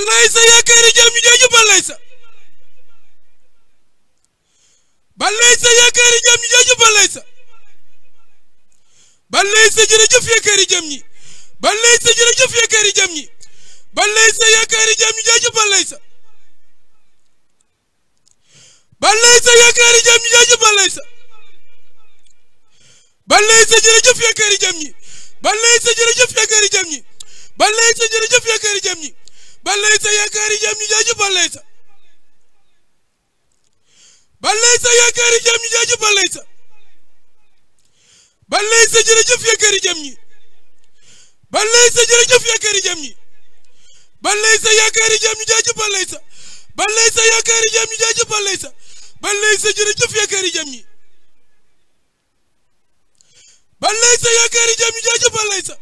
Balaysa yaakaari jëm ñu jooju Balaysa Balaysa yaakaari jëm ñu jooju Balaysa Balaysa jërëjëf yaakaari jëm ñi Balaysa jërëjëf yaakaari jëm ñi Balaysa yaakaari jëm ñu jooju Balaysa Balaysa yaakaari jëm ñu jooju Balaysa Balaysa jërëjëf yaakaari jëm ñi Balaysa jërëjëf yaakaari jëm ñi Balaysa jërëjëf yaakaari jëm ñi balaysa yaakaari jëm ñu jaaju balaysa balaysa yaakaari jëm ñu jaaju balaysa balaysa jërëjëf yaakaari jëm ñi balaysa jërëjëf yaakaari jëm ñi balaysa yaakaari jëm ñu jaaju balaysa balaysa yaakaari jëm ñu jaaju balaysa balaysa jërëjëf yaakaari jëm ñi balaysa yaakaari jëm ñu jaaju balaysa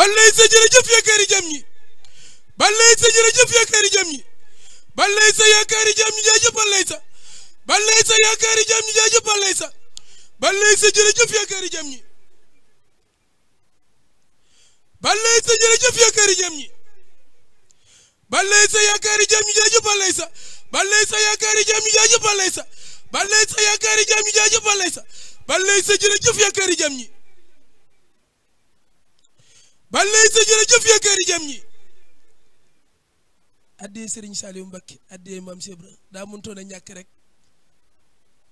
ballay sa jërëjëf yaakaari jàmm ñi ballay sa jërëjëf yaakaari jàmm ñi ballay sa yaakaari jàmm ñi jaajëf ballay sa ballay sa yaakaari jàmm ñi jaajëf ballay sa ballay sa jërëjëf yaakaari jàmm ñi ballay sa jërëjëf yaakaari jàmm ñi ballay sa yaakaari jàmm ñi jaajëf ballay sa ballay sa yaakaari jàmm ñi jaajëf ballay sa ballay sa yaakaari jàmm ñi jaajëf ballay sa ballay sa jërëjëf yaakaari jàmm ñi ba lay sa jërëjëf yee kër yi jëm ñi addee Serigne Saliou Mbacké addee daa mëntoon a ñàkk rek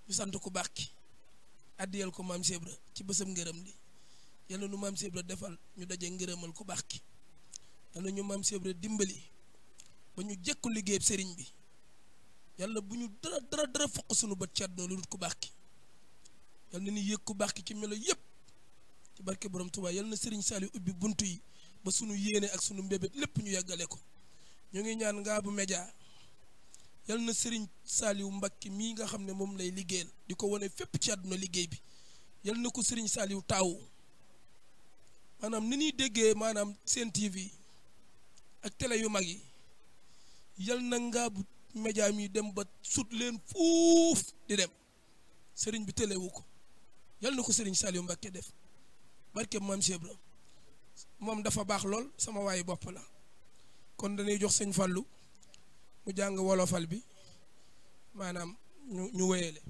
ñu sant ku baax ki addiyal ko Mame Cheikh Ibra ci bësam ngërëm li yal na ñu Mame Cheikh defal ñu daje ngërëmal ku baax ki yal na ñu Mame Cheikh dimbali ba ñu jëkku liggéeyab sëriñ bi yàlla bu ñu dara dara dara fokk suñu bët ci àdduna lu dul ku baax ki yal na ñu yëg ku baax ki ci melo yëpp ci barke borom Touba yal na Serigne Saliou ubbi bunt yi ba sunu yéene ak sunu mbébét lépp ñu yàggale ko ñoo ngi ñaan ngaa bu Média yal na Serigne Saliou Mbacké mii nga xam ne moom lay liggéeyal di ko wane fépp ci àdduna liggéey bi yal na ko Serigne Saliou taawu maanaam ni ñuy déggee maanaam seen TV ak tele yu mag yi yal na Ngabou Média mi dem ba sut leen fuuf di dem Serigne bi téléwu ko yal na ko Serigne Saliou Mbacké def. barke maam Cheikh Ibra moom dafa baax lool sama waayu bopp la kon dañuy jox sëñ Fallou mu jàng wolofal bi maanaam ñu ñu wéyale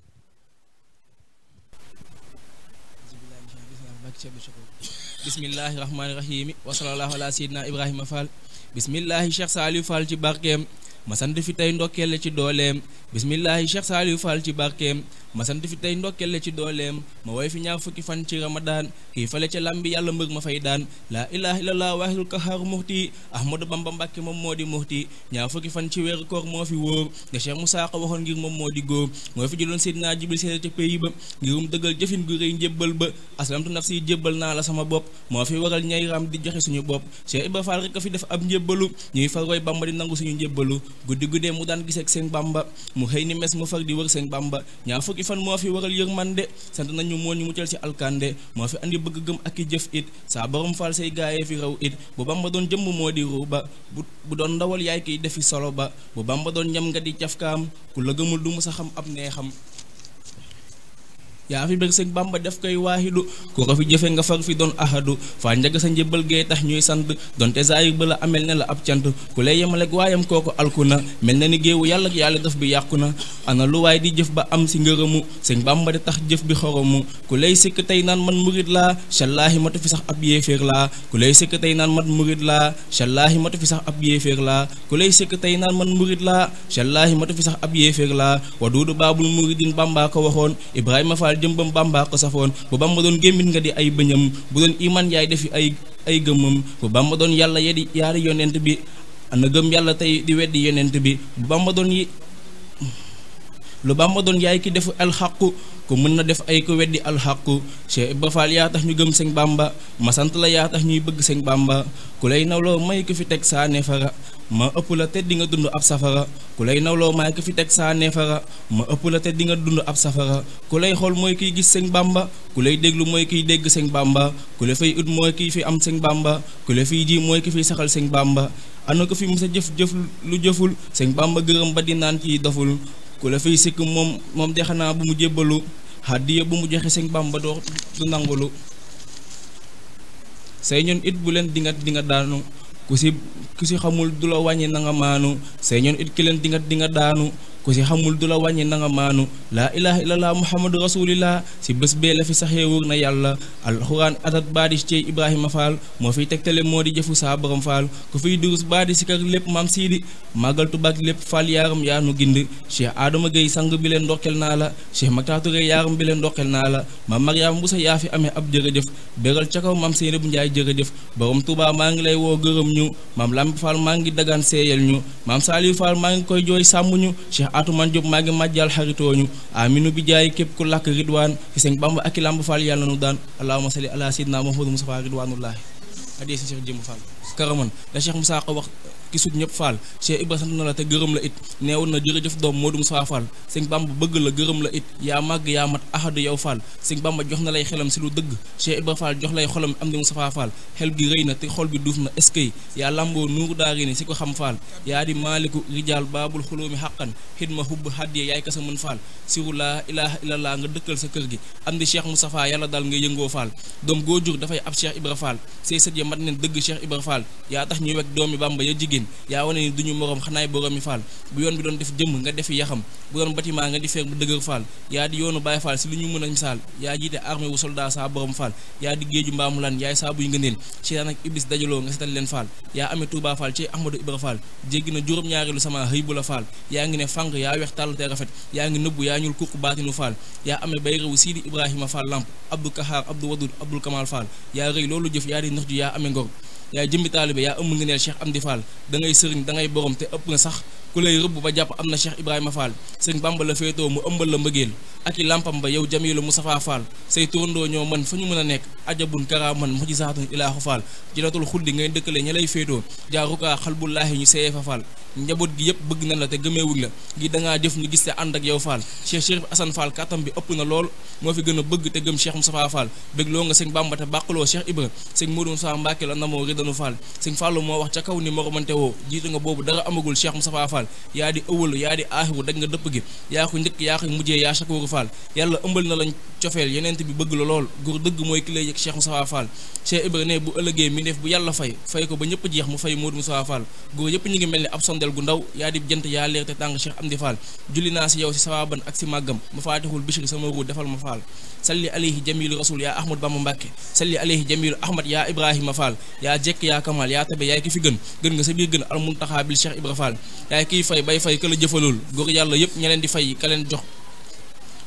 bismillahi rahmaani rahimi wa sallallahu ala sayyidina ibrahima fall bismillahi cheikh saliou fall ci barkeem ma sant fi tay ndokel ci dolem bismillahi Cheikh Saliou Fall ci barkem ma sant fi tay ndokel ci dolem ma way fi ñaar fukki fan ci ramadan ki fele ci lambi yalla mbeug ma fay daan la ilaha illallah waahidul kahaaru muhti ahmadou bamba mbake mom modi muhti ñaar fukki fan ci weeru koor mo fi wóor nga Cheikh musa ko waxon ngir mom modi go mo fi sidina Jibril sey ci ba ngirum gu reey ba aslamtu nafsi na la sama bop mo fi waral ñay ram di joxe suñu bop Cheikh ibrahim Fall rek fi def ab ñuy fal roy bamba di nangu suñu njébbalu guddi guddee mu daan gis ak seen bamba mu xëy ni mes mu far di wër seen bamba ñaar fukki fan moo fi waral yërmande sant nañu moo mu jël ci alkande moo fi andi bëgg gëm ak i jëf it saa boroom faal say gaayee fi raw it bu bamba doon jëmm moo di ruu ba bu bu doon ndawal yaay kiy defi solo ba bu bamba doon ñam nga di cafkaam ku la gëmul du mu sa xam ab neexam yaa fi bëgg sëñ bamba def koy waaxidu ku ko fi jëfe nga fag fi doon ahadu faa njëgg sa njëbbal gee tax ñuy sant donte zaayir ba la amel ne la ab cant ku lay yemale yemaleeg waayam kooku alku na mel na ni géewu yàlla ak yàlla daf bi yàqu na ana lu waay di jëf ba am si ngërëmu sëñ Bàmba di tax jëf bi xoromu ku lay sikk tey naan man murid laa sallaahi matu fi sax ab yéeféer laa ku lay sikk tey naan man murid laa sallaahi matu fi sax ab yéeféer laa ku lay sikk tey naan man murid laa sallaahi matu fi sax ab yéeféer laa waduudu baabul muridin Bàmba ko waxoon Ibrahima Fall jëmbam Bàmba ko safoon bu Bàmba doon gémmit nga di ay bëñam bu doon iman yaay defi ay ay gëmmam bu Bàmba doon yàlla ya di yaari yonent bi ana gëm yàlla tey di weddi yonent bi bu Bàmba doon yi lu baax doon yaay ki defu alxaqu ku mën na def ay ko weddi alxaqu Cheikh Ibra Fall yaa tax ñu gëm sëñ Bamba ma sant la yaa tax ñuy bëgg sëñ Bamba ku lay nawloo may ko fi teg saa neefara ma ëpp la te di nga dund ab safara ku lay nawloo may ko fi teg saa neefara ma ëpp la te di nga dund ab safara ku lay xool mooy kiy gis sëñ Bamba ku lay déglu mooy kiy dégg sëñ baamba ku la fay ut mooy kiy fi am sëñ Bamba ku la fiy ji mooy ki fiy saxal sëñ Bamba ana ko fi mu sa jëf jëf lu jëful sëñ Bamba gërëm ba di naan ciy doful ku la fay sikk moom moom de xanaa bu mu jébbalu hàddiya bu mu joxe sëñ Bàmba doo du nangulu say ñoon it bu leen dingat dinga daanu ku si ku si xamul du la wàññi nanga maanu say ñoon it ki leen dingat dinga daanu ku si xamul du la wàññi na nga maanu laa ilaha illallah muhammadu rasulillah si bés bee la fi saxee wóor na yàlla alxuraan atat baadi ci ibrahima faal moo fiy tegtale moo di jëfu saa borom faal ku fiy durus baadi si kër lépp maam siidi màggal tubaak lépp faal yaaram yaanu gind cheikh adama gay sang bi leen ndokkeel naa la cheikh mactature yaaram bi leen ndokkeel naa la maam mariama bu sa yaa fi amee ab jërëjëf béral ca kaw maam seeni bu njaay jërëjëf borom tuubaa maa ngi lay woo gërëm ñu maam maa ngi dagaan atu man Diop maa ngi màjjal xaritooñu aminu bi jaay képp ku làkk ridwaan fi sëñ Bamba ak i làmb Fall yàlla na nu daan allahumma salli ala sayyidina Muhammadu Mustafa ridwanullahi adiyee si karaman la Cheikh Moussa ko wax ki sut ñëpp Fall Cheikh Ibra sant na la te gërëm la it neewoon na jërëjëf doom Modou Moussa Fall sëñ Bamba bëgg la gërëm la it yaa màgg yaa mat ahadu yow Fall sëñ Bamba jox na lay xelam si lu dëgg Cheikh Ibra Fall jox lay xolam am di Moussa Fall xel gi rëy na te xol bi duuf na est-ce que yaa lamboo nuuru daari ni si ko xam Fall yaa di maaliku rijaal baabul xulóomi xaqan ma hubb hadiye yaay ka sa mën Fall siru laa ilaha illallah sa kër gi am di Cheikh Moussa Fall yàlla daal nga yëngoo Fall doom faal yaa tax ñuy weg doomi bàmba ya jigéen yaa wane ni duñu moroom xanaay boroomi faal bu yoon bi doon def jëmm nga defi yaxam bu doon bâtiment nga di feer bu dëgër faal yaa di yoonu baay faal si lu ñu mën a yaa jiite armée wu soldat faal yaa di géeju mbaamu lan yaay saa buy ngëneel seytaan ak iblis dajaloo nga setal leen faal yaa amee Touba faal ci Ahmadou Ibra faal jéggi na juróom-ñaareelu sama hëy bu la faal yaa ngi ne fànq yaa weex tàll te rafet yaa ngi nëbbu yaa ñuul kuq baatinu faal yaa amee bay réewu Sidi Ibrahima faal lamp Abdou Kahar Abdou Wadoud Abdoul Kamal faal yaa rëy loolu jëf yaa di yaay jëmbi taalibe yaa ëmb ngëneel Cheikh am Fall da ngay sëriñ da ngay borom te ëpp nga sax ku lay rëbb ba jàpp am na Cheikh Ibrahima Fall sëriñ Bamba la féetoo mu ëmbal la mbëggeel ak i lampam ba yow jamilu Moustapha Fall say tóorndoo ñoo mën fa ñu mën a nekk ajabun karaaman mujisaatun ilaahu Fall jinatul xuldi ngay dëkkale ña lay féetoo jaarukaa xalbulaahi ñu seeyee fa Fall njaboot gi da ngaa jëf ñu gis te ànd ak yow Fall Cheikh Chérif Assane Fall kàttam bi ëpp na lool moo fi gën a bëgg te gëm Cheikh Moustapha Fall bëgg loo nga ni moromante woo jiitu yaa di mujjee yaa chakouru Fall yàlla ëmbal na lañ cofeel yenent bi bëgg la lool góor dëgg mooy ki lay yëg Cheikh Moustapha Fall Cheikh Ibra ne bu ëllëgee mi def bu yàlla fay fay ko ba ñëpp jeex mu fay Modou Moustapha Fall góor yëpp ñu ngi mel ni ab sondel gu ndaw yaa dib jënt yaa fay bay fay ka jëfalul góor yàlla yëpp ña di fay ka leen jox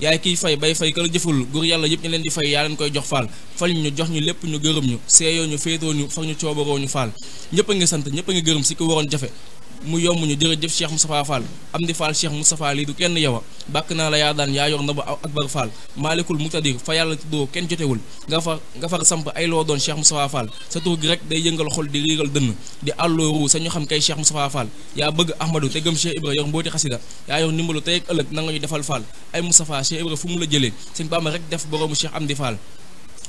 yaay kiy fay bay fay a jëful góor yàlla yëpp ñu leen di fay yaa leen koy jox faal fal ñu jox ñu lépp ñu gërëm ñu seeyoo ñu féetoo ñu foog ñu coobaroo ñu faal ñëpp a ngi sant ñëpp a ngi gërëm si ki waroon jafe mu yomb ñu jërëjëf Cheikh Moustapha Fall am di Fall Cheikh Moustapha lii du kenn yow bàkk naa la yaa daan yaa yor ndaba akbar Fall maalikul mutadir fa yàlla tuddoo kenn jotewul nga far nga far samp ay loo doon Cheikh Moustapha Fall sa tur gi rek day jëngal xol di riiral dënn di àllooru sa ñu xam kay Cheikh Moustapha Fall yaa bëgg Ahmadou te gëm Cheikh Ibra yor mbooti xasida yaa yor ndimbalu tey ak ëllëg nanga ñu defal Fall ay Moustapha Cheikh Ibra fu mu la jëlee sëñ Bamba rek def boroomu Cheikh Amdi Fall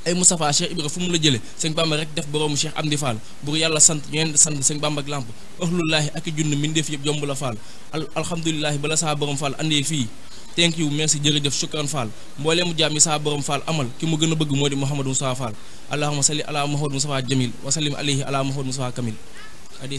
ay Moustapha Cheikh Ibra fu mu la jëlee sëñ Bamba rek def boroomu Cheikh Amdi Fall bur yàlla sant ñeen sant sëñ Bamba ak làmp ahlullaahi ak i junn min def yëpp jomb la Fall alhamdulilahi bala saa borom Fall andee fii thank you merci jërëjëf shukran Fall mboolee mu jaam yi sa borom Fall amal ki mu gën a bëgg moo di Mouhamadou Moustapha Fall allahuma salli ala Mouhamadou Moustapha Jamil wa sallim alayhi ala Mouhamadou Moustapha Kamil